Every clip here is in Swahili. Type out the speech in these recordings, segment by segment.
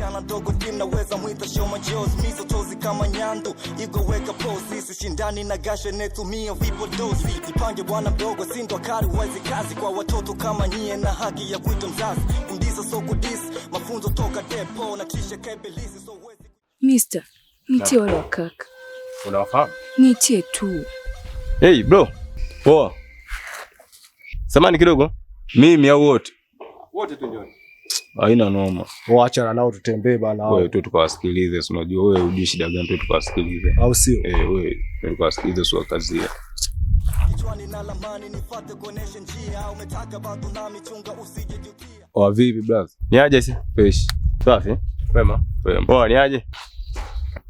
msichana mdogo tim naweza mwita shomajozi tozi kama nyando igoweka posi shindani na gashe netumia vipodozi jipange bwana mdogo sindo akari wazi kazi kwa watoto kama nyie na haki ya kuitwa mzazi kundiza sokudis mafunzo toka depo na kisha kebelisi so wezi Mister, nitie wale wakaka. Unawafahamu? Nitie tu. Hey bro. Poa. Samani kidogo. Mimi au wote? Wote tu njoni haina noma. na nao tutembee bana Wewe tu tukawasikilize, si unajua wewe ujui shida gani tu tukawasikilize. Au sio? Eh, wewe tukawasikilize sio kazi. ya Wa vipi brother? Niaje si? Fresh. Safi? Wema. Wema. Poa, niaje?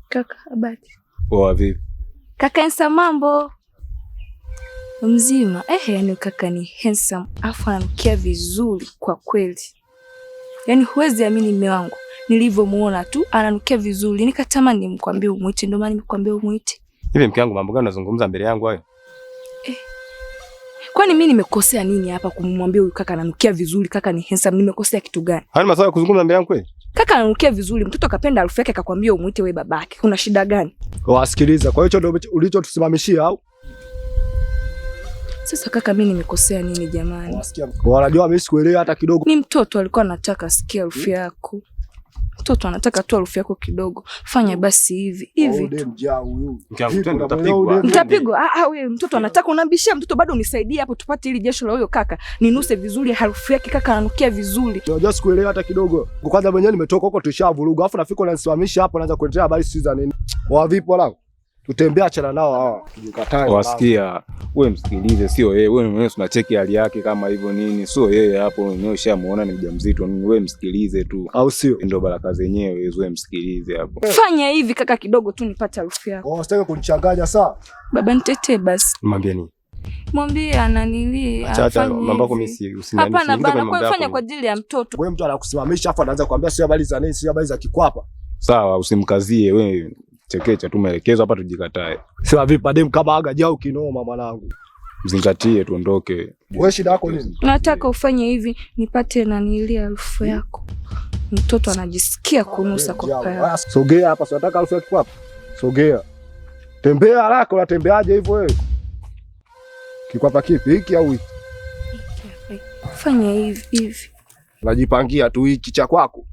Kaka abati. Poa vipi? Kaka Ensa mambo. Mzima. Ehe, yani kaka ni handsome, afu anamkia vizuri kwa kweli. Yaani huwezi amini mume wangu nilivyomuona tu ananukia vizuri, nikatamani nimkwambie umwite, ndio maana nimkwambia umwite. Hivi mke wangu, mambo gani unazungumza mbele yangu hayo? Eh. Kwani mimi nimekosea nini hapa kumwambia huyu kaka ananukia vizuri, kaka ni handsome, nimekosea kitu gani? Hayo masawa ya kuzungumza mbele yangu kweli? Kaka ananukia vizuri, mtoto kapenda harufu yake akakwambia umwite wewe babake. Kuna shida gani? Wasikiliza. Kwa hiyo hicho ndio ulichotusimamishia au? Sasa kaka, mimi nimekosea nini jamani? Wanajua mimi sikuelewa hata kidogo. Ni mtoto alikuwa anataka sikia harufu hmm? yako, mtoto anataka tu harufu yako kidogo. Fanya basi hivi hivi tu, mtapigwa. Ah, ah, wewe mtoto anataka unambishia mtoto, bado unisaidie hapo tupate ili jasho la huyo kaka ninuse vizuri, harufu yake kaka ananukia vizuri. Unajua sikuelewa hata kidogo. Kwanza mwenyewe nimetoka huko tushavuruga, alafu nafika unanisimamisha hapo, naanza kuletea habari sisi za nini? Wa Wavipi walau tutembea, achana nao hawa tujikatae. Wasikia wewe, msikilize, sio yeye. Wewe mwenyewe tunacheki hali yake kama hivyo nini, sio yeye hapo mwenyewe, ushamuona ni mjamzito nini. Wewe msikilize tu, au sio? Ndio baraka zenyewe, wewe msikilize hapo. Fanya hivi kaka, kidogo tu nipate harufu yako. Oh, sitaki kunichanganya saa Baba nitete basi. Mwambie nini? Mwambie ananili Acha mambo yako mimi si usinani. Hapana bana, kwa fanya kwa ajili ya mtoto. Wewe mtu anakusimamisha afa anaanza kukuambia sio habari za nini, sio habari za kikwapa. Sawa, usimkazie wewe chekecha tu maelekezo hapa, tujikatae. Sema vipi padem, kama aga jao kinoma, mwanangu mzingatie, tuondoke. Wewe shida yako nini? Nataka ufanye hivi nipate nanili harufu yako, mtoto anajisikia kunusa kwa kaya. Sogea hapa, sio nataka harufu yako hapa. Sogea, tembea haraka. Unatembeaje hivyo wewe? Kikwapa kipi hiki au hiki? Fanya hivi hivi, najipangia tu hiki cha kwako,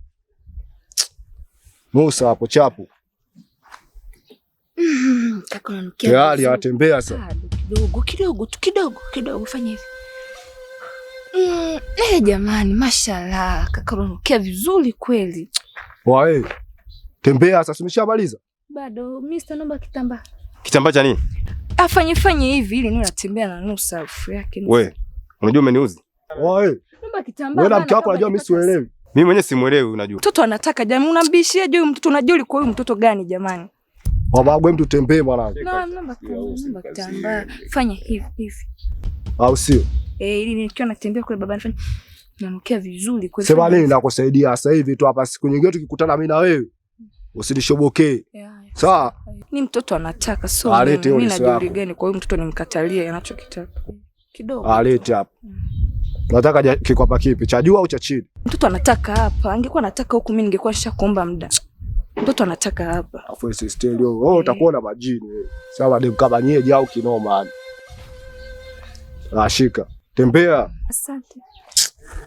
nusa hapo chapu tayari atembea sasa. Ah, kidogo kidogo tu kidogo kidogo, fanya hivi. Mm, eh, jamani, mashallah kaka, unanukia vizuri kweli. Wae, tembea sasa, umeshamaliza? Bado mimi naomba kitambaa. Kitambaa cha nini? Afanye ah, fanye hivi ili niwe natembea na nusu afu yake. Wewe, unajua umeniuzi? Wae. Naomba kitambaa. Wewe na mke wako unajua mimi siuelewi. Mimi mwenyewe simuelewi unajua. Mtoto anataka jamani, unambishia juu mtoto unajua ulikuwa huyu mtoto gani jamani? Wabagwe mtu tembee mwanangu. Fanya hivi hivi. Au sio? Eh, ili nikiwa natembea kule baba nifanye nanukia vizuri kweli. Sema nini nakusaidia sasa hivi tu hapa, siku nyingine tukikutana mimi na wewe usinishobokee. Sawa? Ni mtoto anataka so. Alete mimi na jeuri gani kwa hiyo mtoto nimkatalie anachokitaka. Kidogo. Alete hapa. Nataka kikwapa kipi? Cha juu au cha chini? Mtoto anataka hapa. Angekuwa anataka huku mimi ningekuwa nishakuomba muda. Mtoto anataka hapa. Afu stereo, oh, utakuwa na majini Sawa ni mkabanyeje au kinoma. Ashika. Tembea. Asante.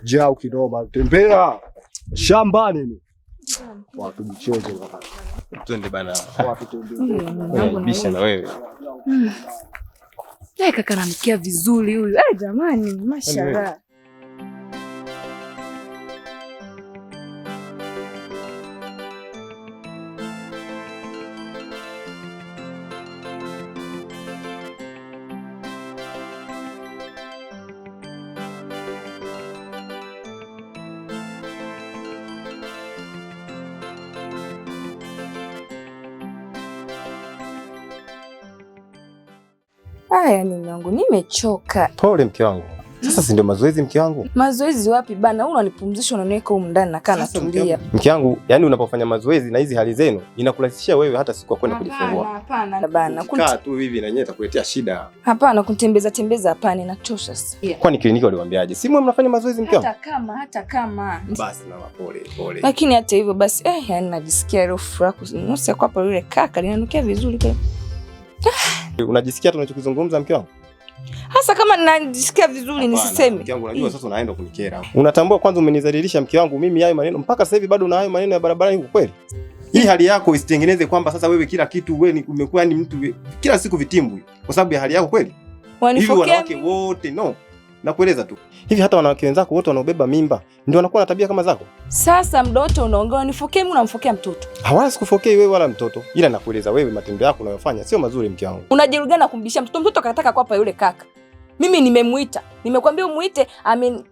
Je, au kinoma. Tembea. Shambani ni. Watu mchezo bwana. Twende bana. Watu twende. Eh, Bisha na wewe. Mm. Kaka ananikia vizuri huyu. Eh, jamani, mashallah. Haya ni wangu, nimechoka. Pole mke wangu. Sasa si ndio mazoezi mke wangu? Mazoezi wapi bana? Wewe unanipumzisha unaniweka huko ndani na kana tulia. Mke wangu, yani unapofanya mazoezi na hizi hali zenu inakurahisishia wewe hata siku kwenda kujifungua. Hapana bana. Kaa tu hivi na yenyewe itakuletea shida. Hapana, kutembeza tembeza hapana, inatosha sasa. Yeah. Kwani kliniki waliwaambiaje? Si mwe mnafanya mazoezi mke wangu? Hata kama hata kama. Basi na pole pole. Lakini hata hivyo basi eh, yani najisikia roho furaha. Nusu kwa pale yule kaka linanukia vizuri kwa. Unajisikia tunachokizungumza mke wangu? Hasa kama ninajisikia vizuri nisiseme. Mke wangu unajua mm. sasa unaenda kunikera. Mm. Unatambua kwanza umenidhalilisha mke wangu mimi hayo maneno mpaka sasa hivi bado na hayo maneno ya barabarani huko kweli? Hii hali yako isitengeneze kwamba sasa wewe kila kitu wewe umekuwa ni mtu kila siku vitimbwi kwa sababu ya hali yako kweli? Wanifokea wanawake wote no nakueleza tu hivi. Hata wanawake wenzako wote wanaobeba mimba ndio wanakuwa na tabia kama zako. Sasa mdoto unaongea nifokee mimi, unamfokea mtoto? Hawala sikufokei wewe wala mtoto, ila nakueleza wewe, matendo yako unayofanya sio mazuri. Mke wangu, unajeruhiana kumbishia mtoto. Mtoto akataka kwapa yule kaka mimi nimemwita, nimekwambia umwite,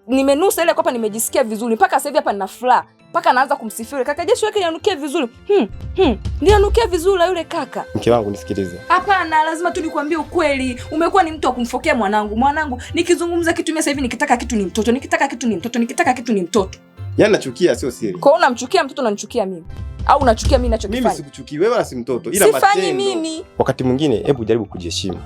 nimenusa ile kwapa, nimejisikia vizuri mpaka sasa hivi hapa nina furaha mpaka anaanza kumsifia yule kaka jeshi wake inanukia vizuri hmm, hmm. Ninanukia vizuri yule kaka. Mke wangu nisikilize. Hapana, lazima tu nikwambie ukweli. Umekuwa ni mtu wa kumfokea mwanangu. Mwanangu nikizungumza kitu mimi sasa hivi nikitaka kitu ni mtoto, nikitaka kitu ni mtoto, nikitaka kitu ni mtoto. Yaani nachukia sio siri. Kwa hiyo unamchukia mtoto unanichukia mimi. Au unachukia mimi ninachokifanya? Mimi sikuchukii wewe wala si mtoto ila matendo. Sifanyi mimi. Wakati mwingine hebu jaribu kujiheshimu.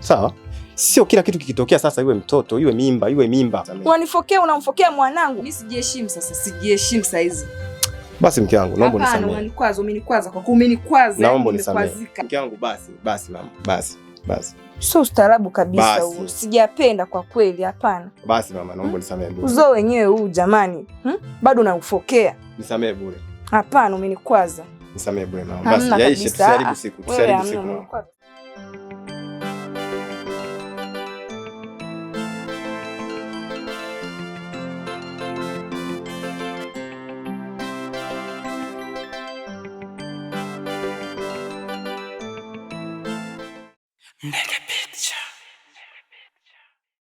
Sawa? Sio kila kitu kikitokea sasa, iwe mtoto iwe mimba iwe mimba, wanifokea unamfokea mwanangu. Mimi sijiheshimu sasa, sijiheshimu saa hizi. Basi mke wangu, naomba nisamehe. Hapana, Umenikwaza, umenikwaza kwa kuwa umenikwaza, naomba nisamehe. mke wangu. Basi basi mama, basi basi, sio ustaarabu kabisa huu, sijapenda kwa kweli, hapana. Basi mama, naomba nisamehe bure. Uzo wenyewe huu jamani, hmm? bado naufokea. Nisamehe bure. Hapana, umenikwaza. Nisamehe bure mama. Basi yaishe, tusiharibu siku, ah, tusiharibu siku. Negative.